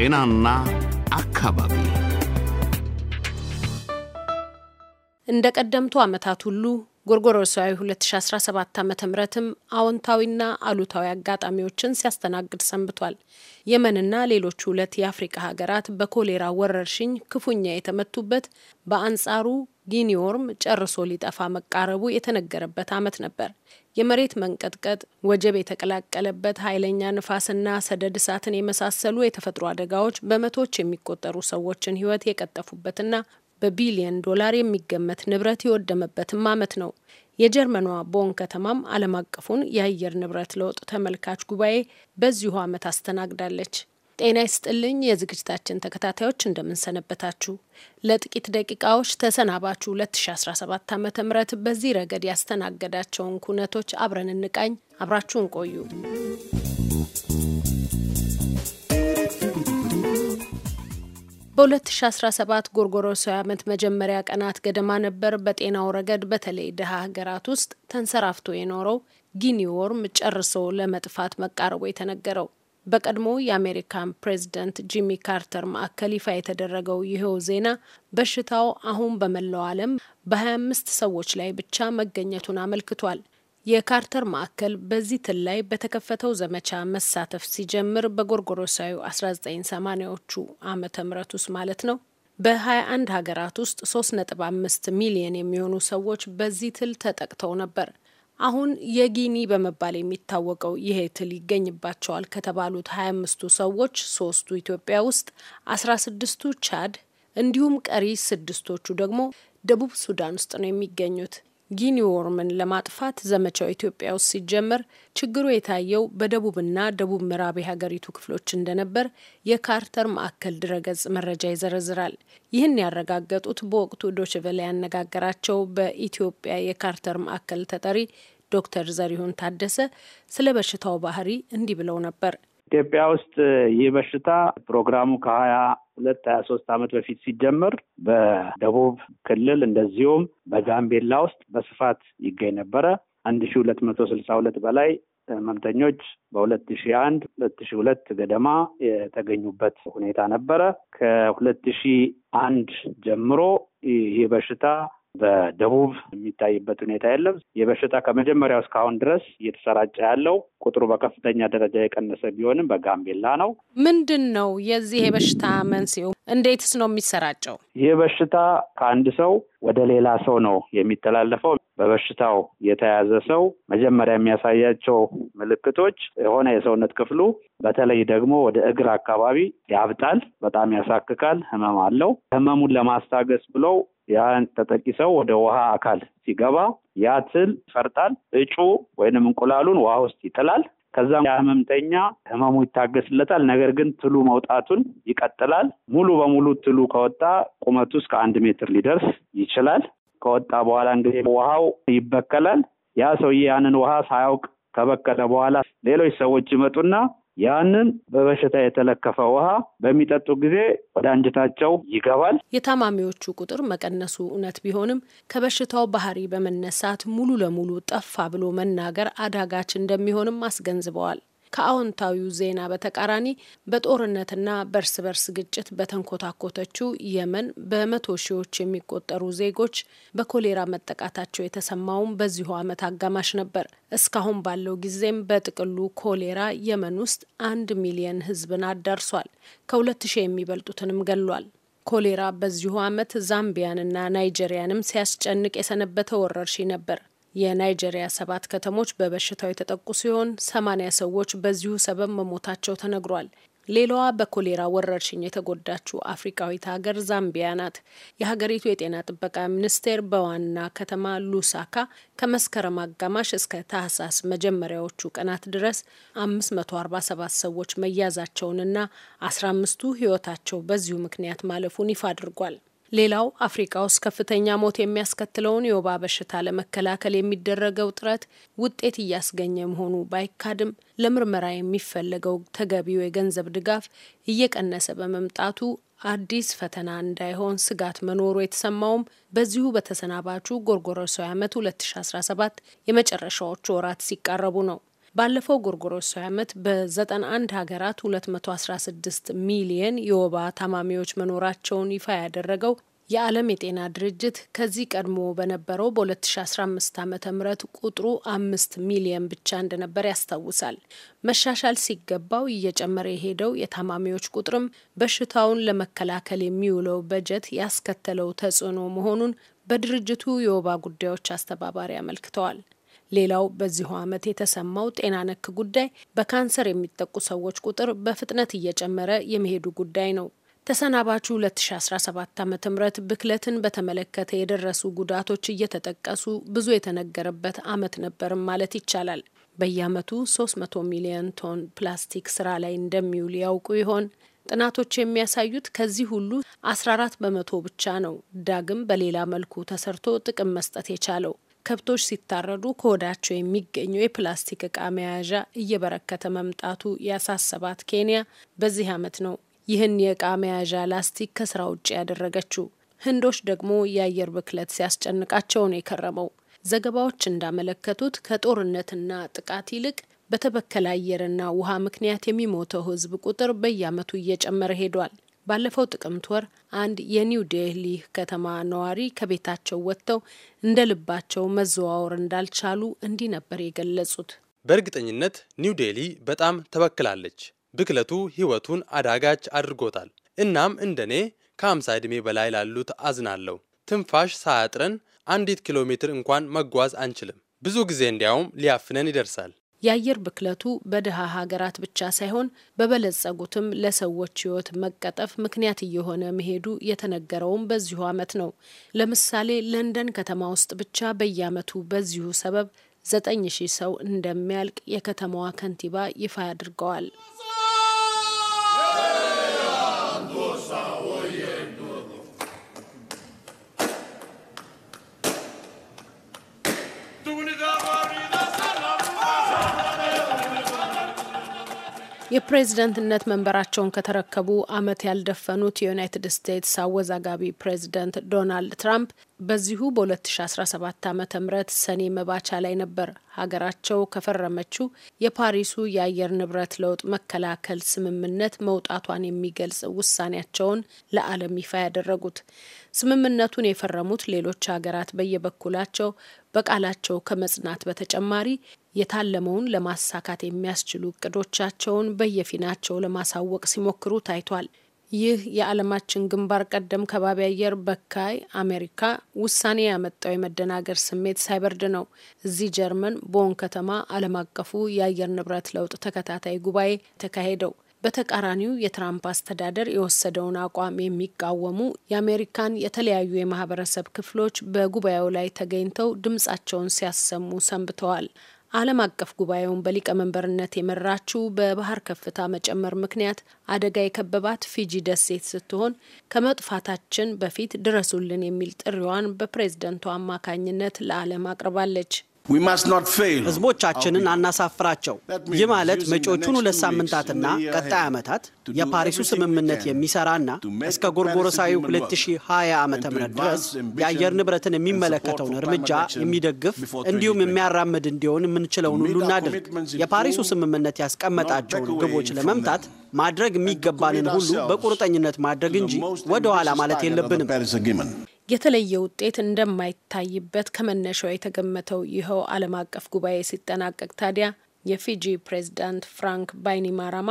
ጤናና አካባቢ እንደ ቀደምቱ ዓመታት ሁሉ ጎርጎሮሳዊ 2017 ዓ ምም አዎንታዊና አሉታዊ አጋጣሚዎችን ሲያስተናግድ ሰንብቷል። የመንና ሌሎች ሁለት የአፍሪካ ሀገራት በኮሌራ ወረርሽኝ ክፉኛ የተመቱበት፣ በአንጻሩ ጊኒዮርም ጨርሶ ሊጠፋ መቃረቡ የተነገረበት ዓመት ነበር። የመሬት መንቀጥቀጥ፣ ወጀብ የተቀላቀለበት ኃይለኛ ንፋስና ሰደድ እሳትን የመሳሰሉ የተፈጥሮ አደጋዎች በመቶዎች የሚቆጠሩ ሰዎችን ሕይወት የቀጠፉበትና በቢሊየን ዶላር የሚገመት ንብረት የወደመበትም ዓመት ነው። የጀርመኗ ቦን ከተማም ዓለም አቀፉን የአየር ንብረት ለውጥ ተመልካች ጉባኤ በዚሁ ዓመት አስተናግዳለች። ጤና ይስጥልኝ የዝግጅታችን ተከታታዮች እንደምንሰነበታችሁ። ለጥቂት ደቂቃዎች ተሰናባችሁ 2017 ዓ ም በዚህ ረገድ ያስተናገዳቸውን ኩነቶች አብረን እንቃኝ። አብራችሁን ቆዩ። በ2017 ጎርጎሮሳዊ ዓመት መጀመሪያ ቀናት ገደማ ነበር በጤናው ረገድ በተለይ ድሃ ሀገራት ውስጥ ተንሰራፍቶ የኖረው ጊኒ ወርም ጨርሶ ለመጥፋት መቃረቡ የተነገረው። በቀድሞ የአሜሪካን ፕሬዚደንት ጂሚ ካርተር ማዕከል ይፋ የተደረገው ይኸው ዜና በሽታው አሁን በመላው ዓለም በ25 ሰዎች ላይ ብቻ መገኘቱን አመልክቷል። የካርተር ማዕከል በዚህ ትል ላይ በተከፈተው ዘመቻ መሳተፍ ሲጀምር በጎርጎሮሳዊ 1980ዎቹ ዓመተ ምህረት ውስጥ ማለት ነው በ21 ሀገራት ውስጥ 3.5 ሚሊዮን የሚሆኑ ሰዎች በዚህ ትል ተጠቅተው ነበር። አሁን የጊኒ በመባል የሚታወቀው ይሄ ትል ይገኝባቸዋል ከተባሉት ሀያ አምስቱ ሰዎች ሶስቱ ኢትዮጵያ ውስጥ አስራ ስድስቱ ቻድ እንዲሁም ቀሪ ስድስቶቹ ደግሞ ደቡብ ሱዳን ውስጥ ነው የሚገኙት። ጊኒዎርምን ለማጥፋት ዘመቻው ኢትዮጵያ ውስጥ ሲጀመር ችግሩ የታየው በደቡብና ደቡብ ምዕራብ የሀገሪቱ ክፍሎች እንደነበር የካርተር ማዕከል ድረገጽ መረጃ ይዘረዝራል። ይህን ያረጋገጡት በወቅቱ ዶችቨለ ያነጋገራቸው በኢትዮጵያ የካርተር ማዕከል ተጠሪ ዶክተር ዘሪሁን ታደሰ ስለ በሽታው ባህሪ እንዲህ ብለው ነበር። ኢትዮጵያ ውስጥ ይህ በሽታ ፕሮግራሙ ከሀያ ሁለት ሀያ ሶስት ዓመት በፊት ሲጀመር በደቡብ ክልል እንደዚሁም በጋምቤላ ውስጥ በስፋት ይገኝ ነበረ። አንድ ሺ ሁለት መቶ ስልሳ ሁለት በላይ ህመምተኞች በሁለት ሺ አንድ ሁለት ሺ ሁለት ገደማ የተገኙበት ሁኔታ ነበረ። ከሁለት ሺ አንድ ጀምሮ ይህ በሽታ በደቡብ የሚታይበት ሁኔታ የለም። የበሽታ ከመጀመሪያው እስካሁን ድረስ እየተሰራጨ ያለው ቁጥሩ በከፍተኛ ደረጃ የቀነሰ ቢሆንም በጋምቤላ ነው። ምንድን ነው የዚህ የበሽታ መንስኤው? እንዴትስ ነው የሚሰራጨው? ይህ በሽታ ከአንድ ሰው ወደ ሌላ ሰው ነው የሚተላለፈው። በበሽታው የተያዘ ሰው መጀመሪያ የሚያሳያቸው ምልክቶች የሆነ የሰውነት ክፍሉ በተለይ ደግሞ ወደ እግር አካባቢ ያብጣል፣ በጣም ያሳክካል፣ ህመም አለው። ህመሙን ለማስታገስ ብለው ያን ተጠቂ ሰው ወደ ውሃ አካል ሲገባ ያ ትል ይፈርጣል። እጩ ወይንም እንቁላሉን ውሃ ውስጥ ይጥላል። ከዛም የህመምተኛ ህመሙ ይታገስለታል። ነገር ግን ትሉ መውጣቱን ይቀጥላል። ሙሉ በሙሉ ትሉ ከወጣ ቁመቱ እስከ አንድ ሜትር ሊደርስ ይችላል። ከወጣ በኋላ እንግዲህ ውሃው ይበከላል። ያ ሰውዬ ያንን ውሃ ሳያውቅ ከበከለ በኋላ ሌሎች ሰዎች ይመጡና ያንን በበሽታ የተለከፈ ውሃ በሚጠጡ ጊዜ ወደ አንጀታቸው ይገባል። የታማሚዎቹ ቁጥር መቀነሱ እውነት ቢሆንም ከበሽታው ባህሪ በመነሳት ሙሉ ለሙሉ ጠፋ ብሎ መናገር አዳጋች እንደሚሆንም አስገንዝበዋል። ከአዎንታዊው ዜና በተቃራኒ በጦርነትና በእርስ በርስ ግጭት በተንኮታኮተችው የመን በመቶ ሺዎች የሚቆጠሩ ዜጎች በኮሌራ መጠቃታቸው የተሰማውም በዚሁ ዓመት አጋማሽ ነበር። እስካሁን ባለው ጊዜም በጥቅሉ ኮሌራ የመን ውስጥ አንድ ሚሊየን ህዝብን አዳርሷል። ከሁለት ሺህ የሚበልጡትንም ገሏል። ኮሌራ በዚሁ ዓመት ዛምቢያንና ናይጄሪያንም ሲያስጨንቅ የሰነበተ ወረርሽኝ ነበር። የናይጄሪያ ሰባት ከተሞች በበሽታው የተጠቁ ሲሆን ሰማኒያ ሰዎች በዚሁ ሰበብ መሞታቸው ተነግሯል። ሌላዋ በኮሌራ ወረርሽኝ የተጎዳችው አፍሪካዊት ሀገር ዛምቢያ ናት። የሀገሪቱ የጤና ጥበቃ ሚኒስቴር በዋና ከተማ ሉሳካ ከመስከረም አጋማሽ እስከ ታህሳስ መጀመሪያዎቹ ቀናት ድረስ 547 ሰዎች መያዛቸውንና 15ቱ ሕይወታቸው በዚሁ ምክንያት ማለፉን ይፋ አድርጓል። ሌላው አፍሪካ ውስጥ ከፍተኛ ሞት የሚያስከትለውን የወባ በሽታ ለመከላከል የሚደረገው ጥረት ውጤት እያስገኘ መሆኑ ባይካድም ለምርመራ የሚፈለገው ተገቢው የገንዘብ ድጋፍ እየቀነሰ በመምጣቱ አዲስ ፈተና እንዳይሆን ስጋት መኖሩ የተሰማውም በዚሁ በተሰናባቹ ጎርጎሮሳዊ ዓመት 2017 የመጨረሻዎቹ ወራት ሲቃረቡ ነው። ባለፈው ጎርጎሮሳዊ ዓመት በ91 ሀገራት 216 ሚሊየን የወባ ታማሚዎች መኖራቸውን ይፋ ያደረገው የዓለም የጤና ድርጅት ከዚህ ቀድሞ በነበረው በ2015 ዓ ም ቁጥሩ አምስት ሚሊየን ብቻ እንደነበር ያስታውሳል። መሻሻል ሲገባው እየጨመረ የሄደው የታማሚዎች ቁጥርም በሽታውን ለመከላከል የሚውለው በጀት ያስከተለው ተጽዕኖ መሆኑን በድርጅቱ የወባ ጉዳዮች አስተባባሪ አመልክተዋል። ሌላው በዚሁ ዓመት የተሰማው ጤና ነክ ጉዳይ በካንሰር የሚጠቁ ሰዎች ቁጥር በፍጥነት እየጨመረ የመሄዱ ጉዳይ ነው። ተሰናባቹ 2017 ዓ ም ብክለትን በተመለከተ የደረሱ ጉዳቶች እየተጠቀሱ ብዙ የተነገረበት ዓመት ነበርም ማለት ይቻላል። በየዓመቱ 300 ሚሊዮን ቶን ፕላስቲክ ስራ ላይ እንደሚውል ያውቁ ይሆን? ጥናቶች የሚያሳዩት ከዚህ ሁሉ 14 በመቶ ብቻ ነው ዳግም በሌላ መልኩ ተሰርቶ ጥቅም መስጠት የቻለው። ከብቶች ሲታረዱ ከወዳቸው የሚገኘው የፕላስቲክ እቃ መያዣ እየበረከተ መምጣቱ ያሳሰባት ኬንያ በዚህ ዓመት ነው ይህን የእቃ መያዣ ላስቲክ ከስራ ውጭ ያደረገችው። ህንዶች ደግሞ የአየር ብክለት ሲያስጨንቃቸው ነው የከረመው። ዘገባዎች እንዳመለከቱት ከጦርነትና ጥቃት ይልቅ በተበከለ አየርና ውሃ ምክንያት የሚሞተው ህዝብ ቁጥር በየዓመቱ እየጨመረ ሄዷል። ባለፈው ጥቅምት ወር አንድ የኒው ዴህሊ ከተማ ነዋሪ ከቤታቸው ወጥተው እንደ ልባቸው መዘዋወር እንዳልቻሉ እንዲህ ነበር የገለጹት። በእርግጠኝነት ኒው ዴሊ በጣም ተበክላለች። ብክለቱ ሕይወቱን አዳጋች አድርጎታል። እናም እንደኔ ከአምሳ ዕድሜ በላይ ላሉት አዝናለሁ። ትንፋሽ ሳያጥረን አንዲት ኪሎ ሜትር እንኳን መጓዝ አንችልም። ብዙ ጊዜ እንዲያውም ሊያፍነን ይደርሳል። የአየር ብክለቱ በድሃ ሀገራት ብቻ ሳይሆን በበለጸጉትም ለሰዎች ሕይወት መቀጠፍ ምክንያት እየሆነ መሄዱ የተነገረውም በዚሁ ዓመት ነው። ለምሳሌ ለንደን ከተማ ውስጥ ብቻ በየዓመቱ በዚሁ ሰበብ ዘጠኝ ሺህ ሰው እንደሚያልቅ የከተማዋ ከንቲባ ይፋ አድርገዋል። የፕሬዝደንትነት መንበራቸውን ከተረከቡ ዓመት ያልደፈኑት የዩናይትድ ስቴትስ አወዛጋቢ ፕሬዝደንት ዶናልድ ትራምፕ በዚሁ በ2017 ዓ ም ሰኔ መባቻ ላይ ነበር ሀገራቸው ከፈረመችው የፓሪሱ የአየር ንብረት ለውጥ መከላከል ስምምነት መውጣቷን የሚገልጽ ውሳኔያቸውን ለዓለም ይፋ ያደረጉት። ስምምነቱን የፈረሙት ሌሎች ሀገራት በየበኩላቸው በቃላቸው ከመጽናት በተጨማሪ የታለመውን ለማሳካት የሚያስችሉ እቅዶቻቸውን በየፊናቸው ለማሳወቅ ሲሞክሩ ታይቷል። ይህ የዓለማችን ግንባር ቀደም ከባቢ አየር በካይ አሜሪካ ውሳኔ ያመጣው የመደናገር ስሜት ሳይበርድ ነው። እዚህ ጀርመን ቦን ከተማ ዓለም አቀፉ የአየር ንብረት ለውጥ ተከታታይ ጉባኤ ተካሄደው። በተቃራኒው የትራምፕ አስተዳደር የወሰደውን አቋም የሚቃወሙ የአሜሪካን የተለያዩ የማህበረሰብ ክፍሎች በጉባኤው ላይ ተገኝተው ድምጻቸውን ሲያሰሙ ሰንብተዋል። ዓለም አቀፍ ጉባኤውን በሊቀመንበርነት የመራችው በባህር ከፍታ መጨመር ምክንያት አደጋ የከበባት ፊጂ ደሴት ስትሆን ከመጥፋታችን በፊት ድረሱልን የሚል ጥሪዋን በፕሬዝደንቱ አማካኝነት ለዓለም አቅርባለች። ህዝቦቻችንን አናሳፍራቸው። ይህ ማለት መጪዎቹን ሁለት ሳምንታትና ቀጣይ ዓመታት የፓሪሱ ስምምነት የሚሰራና እስከ ጎርጎሮሳዊ 2020 ዓ ም ድረስ የአየር ንብረትን የሚመለከተውን እርምጃ የሚደግፍ እንዲሁም የሚያራምድ እንዲሆን የምንችለውን ሁሉ እናድርግ። የፓሪሱ ስምምነት ያስቀመጣቸውን ግቦች ለመምታት ማድረግ የሚገባንን ሁሉ በቁርጠኝነት ማድረግ እንጂ ወደኋላ ማለት የለብንም። የተለየ ውጤት እንደማይታይበት ከመነሻው የተገመተው ይኸው ዓለም አቀፍ ጉባኤ ሲጠናቀቅ ታዲያ የፊጂ ፕሬዝዳንት ፍራንክ ባይኒማራማ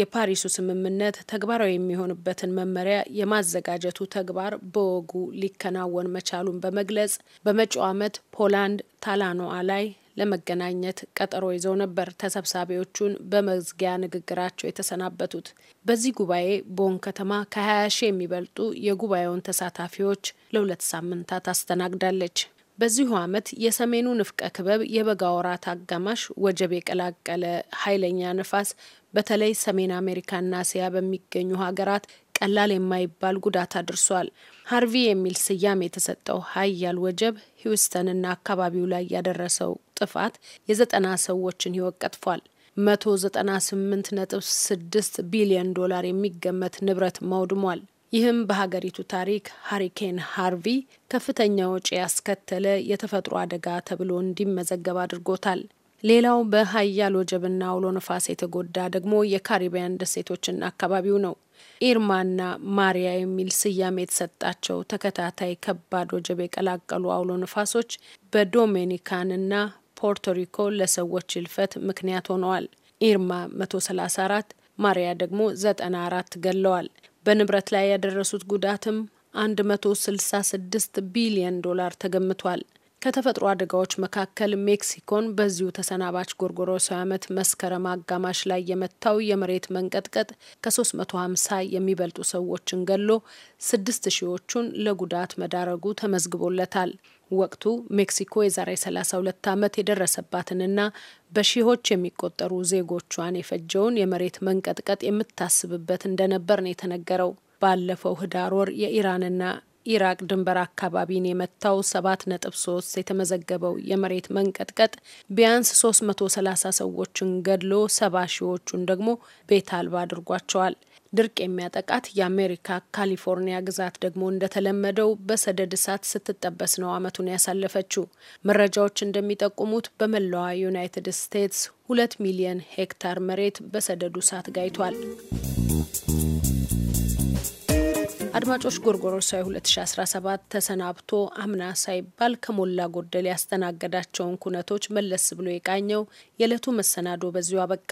የፓሪሱ ስምምነት ተግባራዊ የሚሆንበትን መመሪያ የማዘጋጀቱ ተግባር በወጉ ሊከናወን መቻሉን በመግለጽ በመጪው ዓመት ፖላንድ ታላኖአ ላይ ለመገናኘት ቀጠሮ ይዘው ነበር ተሰብሳቢዎቹን በመዝጊያ ንግግራቸው የተሰናበቱት። በዚህ ጉባኤ ቦን ከተማ ከ20 ሺህ የሚበልጡ የጉባኤውን ተሳታፊዎች ለሁለት ሳምንታት አስተናግዳለች። በዚሁ ዓመት የሰሜኑ ንፍቀ ክበብ የበጋ ወራት አጋማሽ ወጀብ የቀላቀለ ኃይለኛ ንፋስ በተለይ ሰሜን አሜሪካና እስያ በሚገኙ ሀገራት ቀላል የማይባል ጉዳት አድርሷል። ሃርቪ የሚል ስያሜ የተሰጠው ኃያል ወጀብ ሂውስተንና አካባቢው ላይ ያደረሰው ጥፋት የዘጠና ሰዎችን ህይወት ቀጥፏል። 198.6 ቢሊዮን ዶላር የሚገመት ንብረት ማውድሟል። ይህም በሀገሪቱ ታሪክ ሀሪኬን ሃርቪ ከፍተኛ ወጪ ያስከተለ የተፈጥሮ አደጋ ተብሎ እንዲመዘገብ አድርጎታል። ሌላው በሀያል ወጀብና አውሎ ነፋስ የተጎዳ ደግሞ የካሪቢያን ደሴቶችና አካባቢው ነው። ኢርማና ማሪያ የሚል ስያሜ የተሰጣቸው ተከታታይ ከባድ ወጀብ የቀላቀሉ አውሎ ነፋሶች በዶሜኒካንና ፖርቶሪኮ ለሰዎች እልፈት ምክንያት ሆነዋል። ኢርማ 134 ማሪያ ደግሞ 94 ገለዋል። በንብረት ላይ ያደረሱት ጉዳትም 166 ቢሊየን ዶላር ተገምቷል። ከተፈጥሮ አደጋዎች መካከል ሜክሲኮን በዚሁ ተሰናባች ጎርጎሮሳዊ ዓመት መስከረም አጋማሽ ላይ የመታው የመሬት መንቀጥቀጥ ከ350 የሚበልጡ ሰዎችን ገሎ ስድስት ሺዎቹን ለጉዳት መዳረጉ ተመዝግቦለታል። ወቅቱ ሜክሲኮ የዛሬ 32 ዓመት የደረሰባትንና በሺዎች የሚቆጠሩ ዜጎቿን የፈጀውን የመሬት መንቀጥቀጥ የምታስብበት እንደነበር ነው የተነገረው። ባለፈው ህዳር ወር የኢራንና ኢራቅ ድንበር አካባቢን የመታው 7.3 የተመዘገበው የመሬት መንቀጥቀጥ ቢያንስ 330 ሰዎችን ገድሎ 70 ሺዎቹን ደግሞ ቤት አልባ አድርጓቸዋል። ድርቅ የሚያጠቃት የአሜሪካ ካሊፎርኒያ ግዛት ደግሞ እንደተለመደው በሰደድ እሳት ስትጠበስ ነው ዓመቱን ያሳለፈችው። መረጃዎች እንደሚጠቁሙት በመላዋ ዩናይትድ ስቴትስ ሁለት ሚሊየን ሄክታር መሬት በሰደዱ እሳት ጋይቷል። አድማጮች ጎርጎሮሳዊ 2017 ተሰናብቶ አምና ሳይባል ከሞላ ጎደል ያስተናገዳቸውን ኩነቶች መለስ ብሎ የቃኘው የዕለቱ መሰናዶ በዚሁ አበቃ።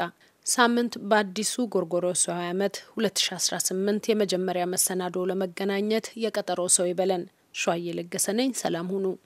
ሳምንት በአዲሱ ጎርጎሮሳዊ ዓመት 2018 የመጀመሪያ መሰናዶ ለመገናኘት የቀጠሮ ሰው ይበለን። ሸዋዬ ለገሰ ነኝ። ሰላም ሁኑ።